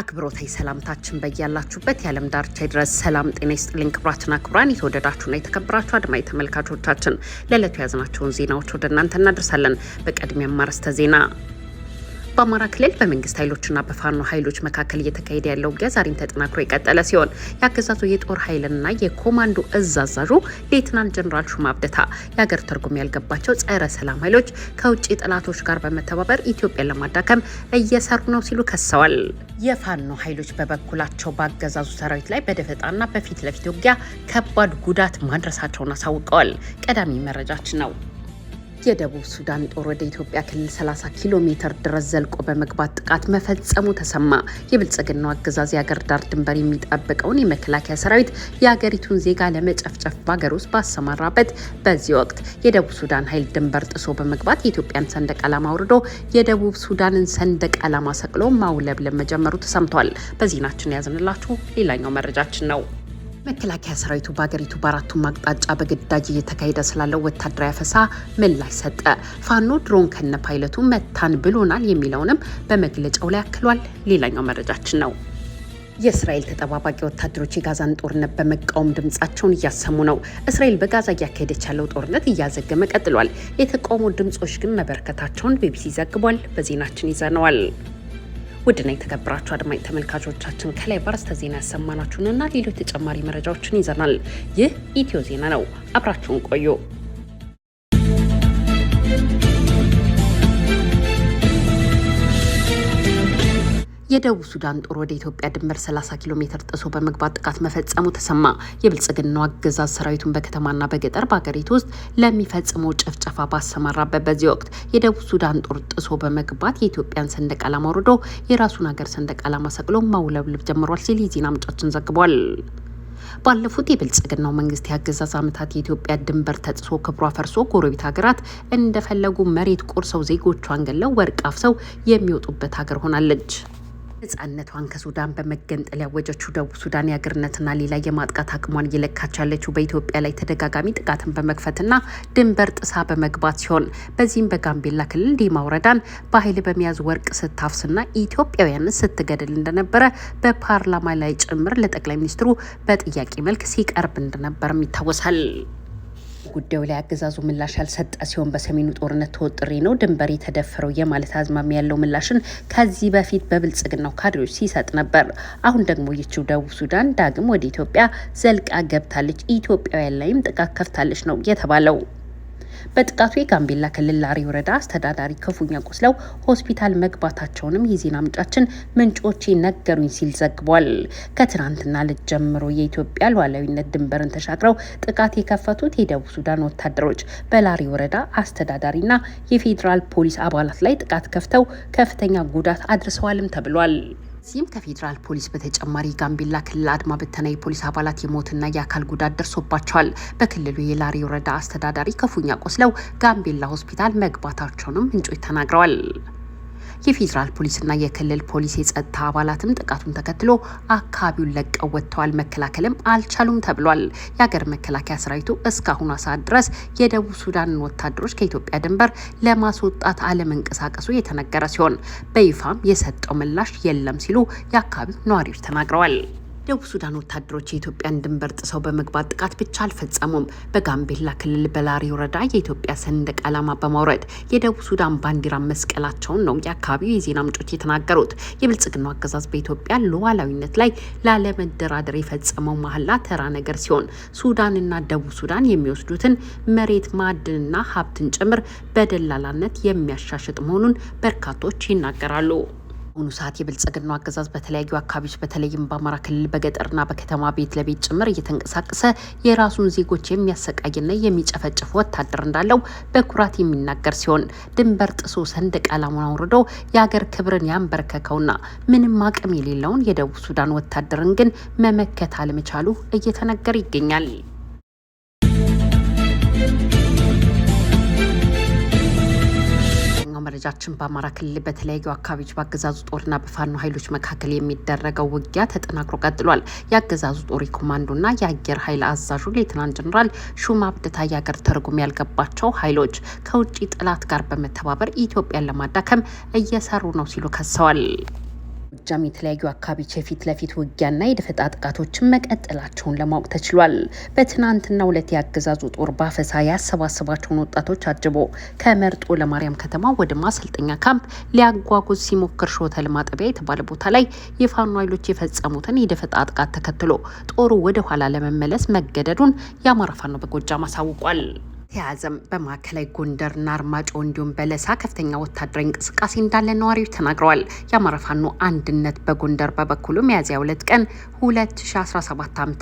አክብሮታዊ ሰላምታችን በያላችሁበት የዓለም ዳርቻ ድረስ ሰላም ጤና ይስጥልኝ። ክቡራትና ክቡራን የተወደዳችሁና የተከበራችሁ አድማጭ ተመልካቾቻችን ለዕለቱ የያዝናቸውን ዜናዎች ወደ እናንተ እናደርሳለን። በቅድሚያ ማረስተ ዜና በአማራ ክልል በመንግስት ኃይሎችና በፋኖ ኃይሎች መካከል እየተካሄደ ያለው ውጊያ ዛሬም ተጠናክሮ የቀጠለ ሲሆን የአገዛዙ የጦር ኃይልና የኮማንዶ እዛዛዡ ሌትናንት ጀኔራል ሹማ አብደታ የሀገር ትርጉም ያልገባቸው ጸረ ሰላም ኃይሎች ከውጭ ጠላቶች ጋር በመተባበር ኢትዮጵያን ለማዳከም እየሰሩ ነው ሲሉ ከሰዋል። የፋኖ ኃይሎች በበኩላቸው በአገዛዙ ሰራዊት ላይ በደፈጣና በፊት ለፊት ውጊያ ከባድ ጉዳት ማድረሳቸውን አሳውቀዋል። ቀዳሚ መረጃችን ነው። የደቡብ ሱዳን ጦር ወደ ኢትዮጵያ ክልል 30 ኪሎ ሜትር ድረስ ዘልቆ በመግባት ጥቃት መፈጸሙ ተሰማ። የብልጽግናው አገዛዝ የአገር ዳር ድንበር የሚጠብቀውን የመከላከያ ሰራዊት የአገሪቱን ዜጋ ለመጨፍጨፍ በሀገር ውስጥ ባሰማራበት በዚህ ወቅት የደቡብ ሱዳን ኃይል ድንበር ጥሶ በመግባት የኢትዮጵያን ሰንደቅ ዓላማ አውርዶ የደቡብ ሱዳንን ሰንደቅ ዓላማ ሰቅሎ ማውለብለብ መጀመሩ ተሰምቷል። በዜናችን ያዝንላችሁ ሌላኛው መረጃችን ነው። መከላከያ ሰራዊቱ በሀገሪቱ በአራቱም አቅጣጫ በግዳጅ እየተካሄደ ስላለው ወታደራዊ አፈሳ ምላሽ ሰጠ። ፋኖ ድሮን ከነ ፓይለቱ መታን ብሎናል የሚለውንም በመግለጫው ላይ አክሏል። ሌላኛው መረጃችን ነው። የእስራኤል ተጠባባቂ ወታደሮች የጋዛን ጦርነት በመቃወም ድምጻቸውን እያሰሙ ነው። እስራኤል በጋዛ እያካሄደች ያለው ጦርነት እያዘገመ ቀጥሏል። የተቃውሞ ድምጾች ግን መበረከታቸውን ቢቢሲ ዘግቧል። በዜናችን ይዘነዋል። ውድና የተከበራችሁ አድማጭ ተመልካቾቻችን ከላይ ባርስተ ዜና ያሰማናችሁንና ሌሎች ተጨማሪ መረጃዎችን ይዘናል። ይህ ኢትዮ ዜና ነው። አብራችሁን ቆዩ። የደቡብ ሱዳን ጦር ወደ ኢትዮጵያ ድንበር 30 ኪሎ ሜትር ጥሶ በመግባት ጥቃት መፈጸሙ ተሰማ። የብልጽግናው አገዛዝ ሰራዊቱን በከተማና በገጠር በሀገሪቱ ውስጥ ለሚፈጽመው ጭፍጨፋ ባሰማራበት በዚህ ወቅት የደቡብ ሱዳን ጦር ጥሶ በመግባት የኢትዮጵያን ሰንደቅ ዓላማ ወርዶ የራሱን ሀገር ሰንደቅ ዓላማ ሰቅሎ ማውለብለብ ጀምሯል ሲል የዜና ምንጫችን ዘግቧል። ባለፉት የብልጽግናው መንግስት የአገዛዝ ዓመታት የኢትዮጵያ ድንበር ተጥሶ ክብሯ ፈርሶ ጎረቤት ሀገራት እንደፈለጉ መሬት ቆርሰው ዜጎቿን ገለው ወርቅ አፍሰው የሚወጡበት ሀገር ሆናለች። ነጻነቷን ከሱዳን በመገንጠል ያወጀችው ደቡብ ሱዳን የአገርነትና ሌላ የማጥቃት አቅሟን እየለካች ያለችው በኢትዮጵያ ላይ ተደጋጋሚ ጥቃትን በመክፈትና ድንበር ጥሳ በመግባት ሲሆን በዚህም በጋምቤላ ክልል ዲማ ወረዳን በኃይል በመያዝ ወርቅ ስታፍስና ኢትዮጵያውያን ስትገድል እንደነበረ በፓርላማ ላይ ጭምር ለጠቅላይ ሚኒስትሩ በጥያቄ መልክ ሲቀርብ እንደነበርም ይታወሳል። ጉዳዩ ላይ አገዛዙ ምላሽ ያልሰጠ ሲሆን በሰሜኑ ጦርነት ተወጥሬ ነው ድንበር የተደፈረው የማለት አዝማሚ ያለው ምላሽን ከዚህ በፊት በብልጽግናው ካድሬዎች ሲሰጥ ነበር። አሁን ደግሞ ይችው ደቡብ ሱዳን ዳግም ወደ ኢትዮጵያ ዘልቃ ገብታለች፣ ኢትዮጵያውያን ላይም ጥቃት ከፍታለች ነው የተባለው። በጥቃቱ የጋምቤላ ክልል ላሪ ወረዳ አስተዳዳሪ ክፉኛ ቆስለው ሆስፒታል መግባታቸውንም የዜና ምንጫችን ምንጮች ነገሩኝ ሲል ዘግቧል። ከትናንትና ልጅ ጀምሮ የኢትዮጵያ ሉዓላዊነት ድንበርን ተሻግረው ጥቃት የከፈቱት የደቡብ ሱዳን ወታደሮች በላሪ ወረዳ አስተዳዳሪና የፌዴራል ፖሊስ አባላት ላይ ጥቃት ከፍተው ከፍተኛ ጉዳት አድርሰዋልም ተብሏል። በዚህም ከፌዴራል ፖሊስ በተጨማሪ ጋምቤላ ክልል አድማ በተና የፖሊስ አባላት የሞትና የአካል ጉዳት ደርሶባቸዋል። በክልሉ የላሪ ወረዳ አስተዳዳሪ ክፉኛ ቆስለው ጋምቤላ ሆስፒታል መግባታቸውንም ምንጮች ተናግረዋል። የፌዴራል ፖሊስና የክልል ፖሊስ የጸጥታ አባላትም ጥቃቱን ተከትሎ አካባቢውን ለቀው ወጥተዋል። መከላከልም አልቻሉም ተብሏል። የሀገር መከላከያ ሰራዊቱ እስካሁን ሰዓት ድረስ የደቡብ ሱዳንን ወታደሮች ከኢትዮጵያ ድንበር ለማስወጣት አለመንቀሳቀሱ የተነገረ ሲሆን በይፋም የሰጠው ምላሽ የለም ሲሉ የአካባቢው ነዋሪዎች ተናግረዋል። ደቡብ ሱዳን ወታደሮች የኢትዮጵያን ድንበር ጥሰው በመግባት ጥቃት ብቻ አልፈጸሙም። በጋምቤላ ክልል በላሪ ወረዳ የኢትዮጵያ ሰንደቅ ዓላማ በማውረድ የደቡብ ሱዳን ባንዲራ መስቀላቸውን ነው የአካባቢው የዜና ምንጮች የተናገሩት። የብልጽግናው አገዛዝ በኢትዮጵያ ሉዓላዊነት ላይ ላለመደራደር የፈጸመው መሀላ ተራ ነገር ሲሆን ሱዳንና ደቡብ ሱዳን የሚወስዱትን መሬት ማዕድንና ሀብትን ጭምር በደላላነት የሚያሻሽጥ መሆኑን በርካቶች ይናገራሉ። በአሁኑ ሰዓት የብልጽግናው አገዛዝ በተለያዩ አካባቢዎች በተለይም በአማራ ክልል በገጠርና በከተማ ቤት ለቤት ጭምር እየተንቀሳቀሰ የራሱን ዜጎች የሚያሰቃይና የሚጨፈጭፍ ወታደር እንዳለው በኩራት የሚናገር ሲሆን ድንበር ጥሶ ሰንደቅ ዓላማውን አውርዶ የአገር ክብርን ያንበረከከውና ምንም አቅም የሌለውን የደቡብ ሱዳን ወታደርን ግን መመከት አለመቻሉ እየተነገረ ይገኛል። መረጃችን በአማራ ክልል በተለያዩ አካባቢዎች በአገዛዙ ጦርና በፋኖ ኃይሎች መካከል የሚደረገው ውጊያ ተጠናክሮ ቀጥሏል። የአገዛዙ ጦር የኮማንዶና የአየር ኃይል አዛዡ ሌትናንት ጀኔራል ሹማ አብደታ የአገር ተርጉም ያልገባቸው ኃይሎች ከውጭ ጠላት ጋር በመተባበር ኢትዮጵያን ለማዳከም እየሰሩ ነው ሲሉ ከሰዋል። ጎጃም የተለያዩ አካባቢዎች የፊት ለፊት ውጊያና የደፈጣ ጥቃቶችን መቀጠላቸውን ለማወቅ ተችሏል። በትናንትና ሁለት የአገዛዙ ጦር ባፈሳ ያሰባሰባቸውን ወጣቶች አጅቦ ከመርጦ ለማርያም ከተማ ወደ ማሰልጠኛ ካምፕ ሊያጓጉዝ ሲሞክር ሾተ ለማጠቢያ የተባለ ቦታ ላይ የፋኖ ኃይሎች የፈጸሙትን የደፈጣ ጥቃት ተከትሎ ጦሩ ወደ ኋላ ለመመለስ መገደዱን የአማራ ፋኖ በጎጃም አሳውቋል። በተያያዘም በማዕከላዊ ጎንደርና አርማጮ እንዲሁም በለሳ ከፍተኛ ወታደራዊ እንቅስቃሴ እንዳለ ነዋሪዎች ተናግረዋል። የአማራ ፋኖ አንድነት በጎንደር በበኩሉ ሚያዝያ ሁለት ቀን 2017 ዓ.ም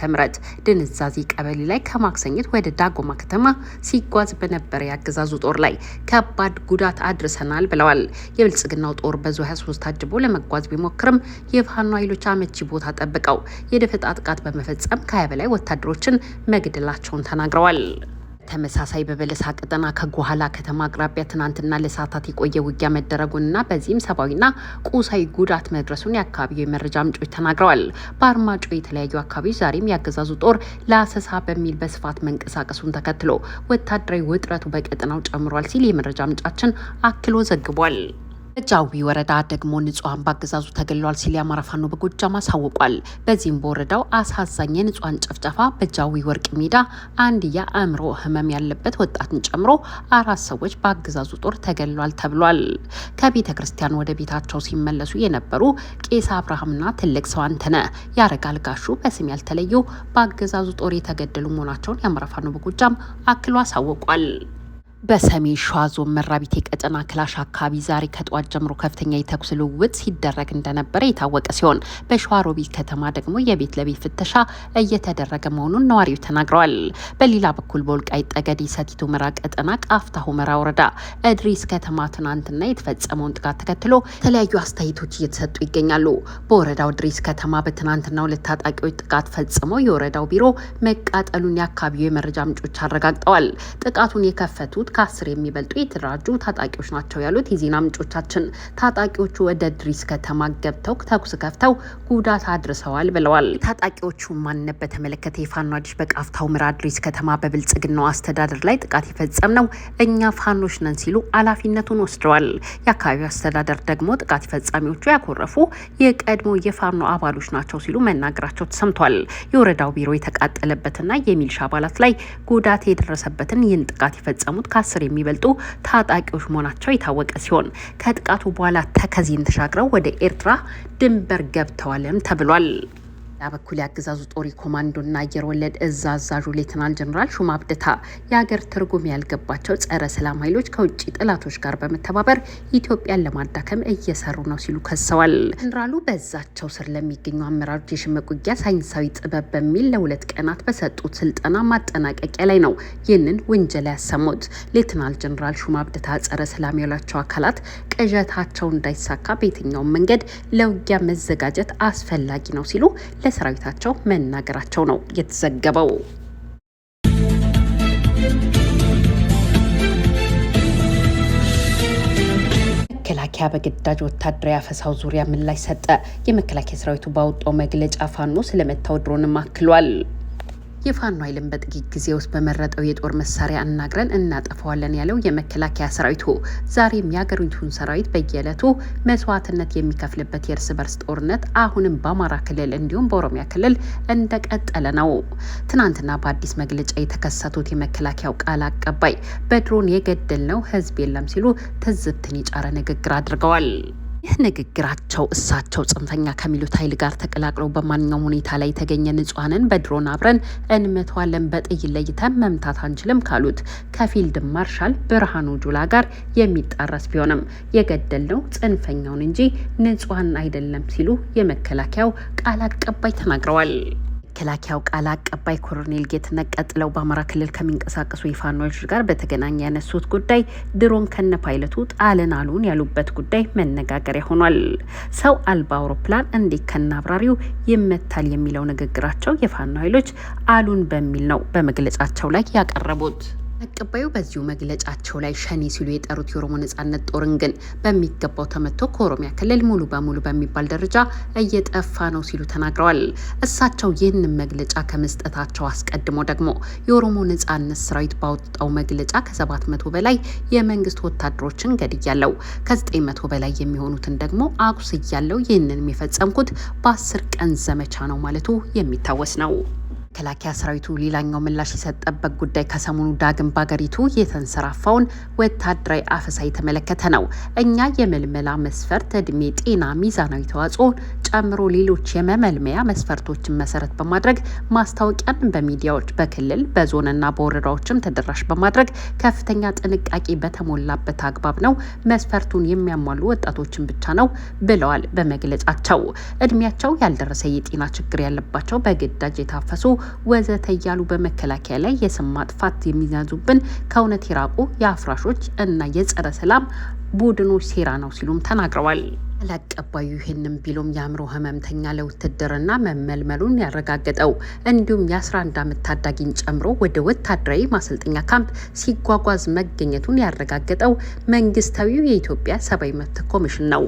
ድንዛዜ ቀበሌ ላይ ከማክሰኘት ወደ ዳጎማ ከተማ ሲጓዝ በነበረ የአገዛዙ ጦር ላይ ከባድ ጉዳት አድርሰናል ብለዋል። የብልጽግናው ጦር በዙ 23 ታጅቦ ለመጓዝ ቢሞክርም የፋኖ ኃይሎች አመቺ ቦታ ጠብቀው የደፈጣ ጥቃት በመፈጸም ከሀያ በላይ ወታደሮችን መግደላቸውን ተናግረዋል። ተመሳሳይ በበለሳ ቀጠና ከጎኋላ ከተማ አቅራቢያ ትናንትና ለሰዓታት የቆየ ውጊያ መደረጉንና በዚህም ሰብአዊና ቁሳዊ ጉዳት መድረሱን የአካባቢው የመረጃ ምንጮች ተናግረዋል። በአርማጮ የተለያዩ አካባቢዎች ዛሬም ያገዛዙ ጦር ለአሰሳ በሚል በስፋት መንቀሳቀሱን ተከትሎ ወታደራዊ ውጥረቱ በቀጠናው ጨምሯል ሲል የመረጃ ምንጫችን አክሎ ዘግቧል። ጃዊ ወረዳ ደግሞ ንጹሐን በአገዛዙ ተገሏል ሲል የአማራ ፋኖ በጎጃም አሳውቋል። በዚህም በወረዳው አሳዛኝ የንጹሐን ጭፍጨፋ በጃዊ ወርቅ ሜዳ አንድያ አእምሮ ህመም ያለበት ወጣትን ጨምሮ አራት ሰዎች በአገዛዙ ጦር ተገሏል ተብሏል። ከቤተ ክርስቲያን ወደ ቤታቸው ሲመለሱ የነበሩ ቄስ አብርሃምና ትልቅ ሰው አንተነ ያረጋል ጋሹ በስም ያልተለዩ በአገዛዙ ጦር የተገደሉ መሆናቸውን የአማራ ፋኖ በጎጃም አክሎ አሳውቋል። በሰሜን ሸዋ ዞን መራቢቴ ቀጠና ክላሽ አካባቢ ዛሬ ከጠዋት ጀምሮ ከፍተኛ የተኩስ ልውውጥ ሲደረግ እንደነበረ የታወቀ ሲሆን በሸዋሮቢት ከተማ ደግሞ የቤት ለቤት ፍተሻ እየተደረገ መሆኑን ነዋሪው ተናግረዋል። በሌላ በኩል በወልቃይት ጠገዴ ሰቲት ሁመራ ቀጠና ቃፍታ ሁመራ ወረዳ እድሪስ ከተማ ትናንትና የተፈጸመውን ጥቃት ተከትሎ የተለያዩ አስተያየቶች እየተሰጡ ይገኛሉ። በወረዳው እድሪስ ከተማ በትናንትና ሁለት ታጣቂዎች ጥቃት ፈጽመው የወረዳው ቢሮ መቃጠሉን የአካባቢው የመረጃ ምንጮች አረጋግጠዋል። ጥቃቱን የከፈቱት ከአስር የሚበልጡ የተደራጁ ታጣቂዎች ናቸው ያሉት የዜና ምንጮቻችን ታጣቂዎቹ ወደ ድሪስ ከተማ ገብተው ተኩስ ከፍተው ጉዳት አድርሰዋል ብለዋል። ታጣቂዎቹ ማንነት በተመለከተ የፋኖች በቃፍታው ምራ ድሪስ ከተማ በብልጽግናው አስተዳደር ላይ ጥቃት የፈጸም ነው እኛ ፋኖች ነን ሲሉ ኃላፊነቱን ወስደዋል። የአካባቢው አስተዳደር ደግሞ ጥቃት ፈጻሚዎቹ ያኮረፉ የቀድሞ የፋኖ አባሎች ናቸው ሲሉ መናገራቸው ተሰምቷል። የወረዳው ቢሮ የተቃጠለበትና የሚልሻ አባላት ላይ ጉዳት የደረሰበትን ይህን ጥቃት የፈጸሙት ከአስር የሚበልጡ ታጣቂዎች መሆናቸው የታወቀ ሲሆን ከጥቃቱ በኋላ ተከዜን ተሻግረው ወደ ኤርትራ ድንበር ገብተዋልም ተብሏል። በሌላ በኩል የአገዛዙ ጦር ኮማንዶና አየር ወለድ እዝ አዛዡ ሌትናንት ጀኔራል ሹማ አብደታ የሀገር ትርጉም ያልገባቸው ጸረ ሰላም ኃይሎች ከውጭ ጠላቶች ጋር በመተባበር ኢትዮጵያን ለማዳከም እየሰሩ ነው ሲሉ ከሰዋል። ጀኔራሉ በዛቸው ስር ለሚገኙ አመራሮች የሽምቅ ውጊያ ሳይንሳዊ ጥበብ በሚል ለሁለት ቀናት በሰጡት ስልጠና ማጠናቀቂያ ላይ ነው ይህንን ውንጀላ ያሰሙት። ሌትናል ጀኔራል ሹማ አብደታ ጸረ ሰላም ያሏቸው አካላት ቅዠታቸው እንዳይሳካ በየትኛውም መንገድ ለውጊያ መዘጋጀት አስፈላጊ ነው ሲሉ ለሰራዊታቸው መናገራቸው ነው የተዘገበው። መከላከያ በግዳጅ ወታደራዊ አፈሳው ዙሪያ ምላሽ ሰጠ። የመከላከያ ሰራዊቱ ባወጣው መግለጫ ፋኖ ስለመታው ድሮንም አክሏል። የፋኖ ኃይልን በጥቂት ጊዜ ውስጥ በመረጠው የጦር መሳሪያ እናግረን እናጠፈዋለን ያለው የመከላከያ ሰራዊቱ ዛሬም የሀገሪቱን ሰራዊት በየዕለቱ መስዋዕትነት የሚከፍልበት የእርስ በርስ ጦርነት አሁንም በአማራ ክልል እንዲሁም በኦሮሚያ ክልል እንደቀጠለ ነው። ትናንትና በአዲስ መግለጫ የተከሰቱት የመከላከያው ቃል አቀባይ በድሮን የገደልነው ህዝብ የለም ሲሉ ትዝብትን የጫረ ንግግር አድርገዋል። ይህ ንግግራቸው እሳቸው ጽንፈኛ ከሚሉት ኃይል ጋር ተቀላቅለው በማንኛውም ሁኔታ ላይ የተገኘ ንጹሐንን በድሮን አብረን እንመተዋለን፣ በጥይ ለይተን መምታት አንችልም ካሉት ከፊልድ ማርሻል ብርሃኑ ጁላ ጋር የሚጣረስ ቢሆንም የገደልነው ጽንፈኛውን እንጂ ንጹሐን አይደለም ሲሉ የመከላከያው ቃል አቀባይ ተናግረዋል። መከላከያው ቃል አቀባይ ኮሎኔል ጌትነት ቀጥለው በአማራ ክልል ከሚንቀሳቀሱ የፋኖች ጋር በተገናኘ ያነሱት ጉዳይ ድሮን ከነ ፓይለቱ ጣልን አሉን ያሉበት ጉዳይ መነጋገሪያ ሆኗል። ሰው አልባ አውሮፕላን እንዴት ከነ አብራሪው ይመታል የሚለው ንግግራቸው የፋኖ ኃይሎች አሉን በሚል ነው በመግለጫቸው ላይ ያቀረቡት። አቀባዩ በዚሁ መግለጫቸው ላይ ሸኔ ሲሉ የጠሩት የኦሮሞ ነጻነት ጦርን ግን በሚገባው ተመቶ ከኦሮሚያ ክልል ሙሉ በሙሉ በሚባል ደረጃ እየጠፋ ነው ሲሉ ተናግረዋል። እሳቸው ይህንን መግለጫ ከመስጠታቸው አስቀድሞ ደግሞ የኦሮሞ ነጻነት ሰራዊት ባወጣው መግለጫ ከሰባት መቶ በላይ የመንግስት ወታደሮችን ገድያለው፣ ከዘጠኝ መቶ በላይ የሚሆኑትን ደግሞ አቁስያለው፣ ይህንን የሚፈጸምኩት በአስር ቀን ዘመቻ ነው ማለቱ የሚታወስ ነው። መከላከያ ሰራዊቱ ሌላኛው ምላሽ የሰጠበት ጉዳይ ከሰሞኑ ዳግም በሀገሪቱ የተንሰራፋውን ወታደራዊ አፈሳ የተመለከተ ነው። እኛ የመልመላ መስፈርት እድሜ፣ ጤና፣ ሚዛናዊ ተዋጽኦ ጨምሮ ሌሎች የመመልመያ መስፈርቶችን መሰረት በማድረግ ማስታወቂያን በሚዲያዎች በክልል በዞንና በወረዳዎችም ተደራሽ በማድረግ ከፍተኛ ጥንቃቄ በተሞላበት አግባብ ነው መስፈርቱን የሚያሟሉ ወጣቶችን ብቻ ነው ብለዋል በመግለጫቸው። እድሜያቸው ያልደረሰ የጤና ችግር ያለባቸው በግዳጅ የታፈሱ ወዘተ እያሉ በመከላከያ ላይ የስም ማጥፋት የሚያዙብን ከእውነት የራቁ የአፍራሾች እና የጸረ ሰላም ቡድኖች ሴራ ነው ሲሉም ተናግረዋል። ለቀባዩ ይህንም ቢሎም የአእምሮ ህመምተኛ ለውትድርና መመልመሉን ያረጋገጠው እንዲሁም የ11 ዓመት ታዳጊን ጨምሮ ወደ ወታደራዊ ማሰልጠኛ ካምፕ ሲጓጓዝ መገኘቱን ያረጋገጠው መንግስታዊው የኢትዮጵያ ሰብአዊ መብት ኮሚሽን ነው።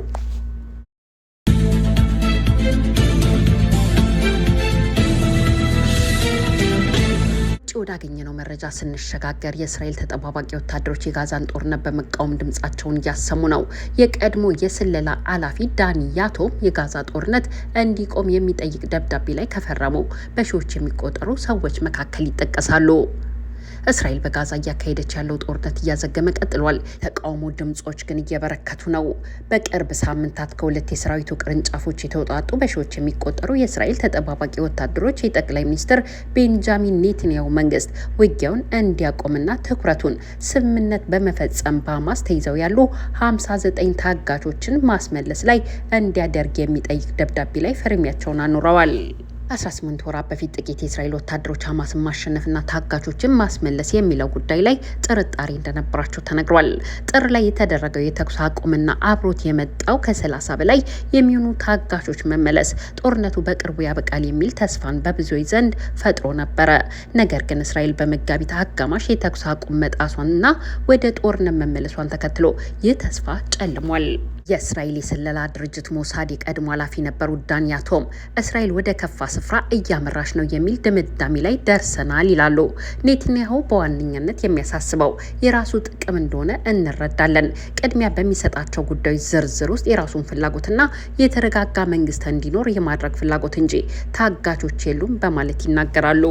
ወዳገኘነው መረጃ ስንሸጋገር የእስራኤል ተጠባባቂ ወታደሮች የጋዛን ጦርነት በመቃወም ድምጻቸውን እያሰሙ ነው። የቀድሞ የስለላ አላፊ ዳኒ ያቶ የጋዛ ጦርነት እንዲቆም የሚጠይቅ ደብዳቤ ላይ ከፈረሙ በሺዎች የሚቆጠሩ ሰዎች መካከል ይጠቀሳሉ። እስራኤል በጋዛ እያካሄደች ያለው ጦርነት እያዘገመ ቀጥሏል። ተቃውሞ ድምጾች ግን እየበረከቱ ነው። በቅርብ ሳምንታት ከሁለት የሰራዊቱ ቅርንጫፎች የተውጣጡ በሺዎች የሚቆጠሩ የእስራኤል ተጠባባቂ ወታደሮች የጠቅላይ ሚኒስትር ቤንጃሚን ኔትንያሁ መንግስት ውጊያውን እንዲያቆምና ትኩረቱን ስምምነት በመፈጸም በሀማስ ተይዘው ያሉ 59 ታጋቾችን ማስመለስ ላይ እንዲያደርግ የሚጠይቅ ደብዳቤ ላይ ፈርሚያቸውን አኑረዋል። 18 ወራት በፊት ጥቂት የእስራኤል ወታደሮች ሐማስን ማሸነፍና ታጋቾችን ማስመለስ የሚለው ጉዳይ ላይ ጥርጣሬ እንደነበራቸው ተነግሯል። ጥር ላይ የተደረገው የተኩስ አቁምና አብሮት የመጣው ከ30 በላይ የሚሆኑ ታጋቾች መመለስ ጦርነቱ በቅርቡ ያበቃል የሚል ተስፋን በብዙዎች ዘንድ ፈጥሮ ነበረ። ነገር ግን እስራኤል በመጋቢት አጋማሽ የተኩስ አቁም መጣሷንና ወደ ጦርነት መመለሷን ተከትሎ ይህ ተስፋ ጨልሟል። የእስራኤል የስለላ ድርጅት ሞሳድ የቀድሞ ኃላፊ ነበሩት ዳን ያቶም እስራኤል ወደ ከፋ ስፍራ እያመራች ነው የሚል ድምዳሜ ላይ ደርሰናል ይላሉ። ኔትንያሁ በዋነኛነት የሚያሳስበው የራሱ ጥቅም እንደሆነ እንረዳለን። ቅድሚያ በሚሰጣቸው ጉዳዮች ዝርዝር ውስጥ የራሱን ፍላጎትና የተረጋጋ መንግስት እንዲኖር የማድረግ ፍላጎት እንጂ ታጋቾች የሉም በማለት ይናገራሉ።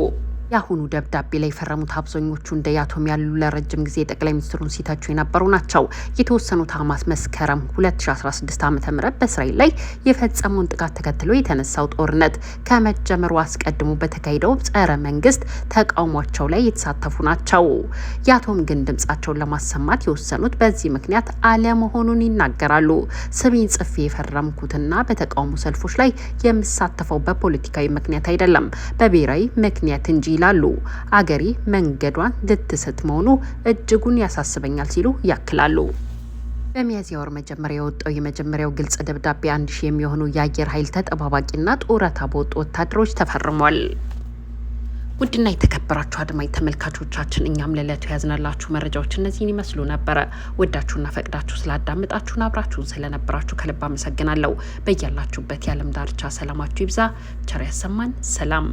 የአሁኑ ደብዳቤ ላይ የፈረሙት አብዛኞቹ እንደ ያቶም ያሉ ለረጅም ጊዜ ጠቅላይ ሚኒስትሩን ሲተቹ የነበሩ ናቸው። የተወሰኑት ሀማስ መስከረም 2016 ዓ ም በእስራኤል ላይ የፈጸመውን ጥቃት ተከትሎ የተነሳው ጦርነት ከመጀመሩ አስቀድሞ በተካሄደው ጸረ መንግስት ተቃውሟቸው ላይ የተሳተፉ ናቸው። ያቶም ግን ድምጻቸውን ለማሰማት የወሰኑት በዚህ ምክንያት አለመሆኑን ይናገራሉ። ስሜን ጽፌ የፈረምኩትና በተቃውሞ ሰልፎች ላይ የምሳተፈው በፖለቲካዊ ምክንያት አይደለም፣ በብሔራዊ ምክንያት እንጂ ይላሉ። አገሬ መንገዷን ልትስት መሆኑ እጅጉን ያሳስበኛል ሲሉ ያክላሉ። በሚያዝያ ወር መጀመሪያ የወጣው የመጀመሪያው ግልጽ ደብዳቤ አንድ ሺህ የሚሆኑ የአየር ኃይል ተጠባባቂና ጡረታ በወጡ ወታደሮች ተፈርሟል። ውድና የተከበራችሁ አድማጭ ተመልካቾቻችን እኛም ለዕለቱ ያዝነላችሁ መረጃዎች እነዚህን ይመስሉ ነበረ። ወዳችሁና ፈቅዳችሁ ስላዳመጣችሁን አብራችሁን ስለነበራችሁ ከልብ አመሰግናለሁ። በያላችሁበት የዓለም ዳርቻ ሰላማችሁ ይብዛ። ቸር ያሰማን። ሰላም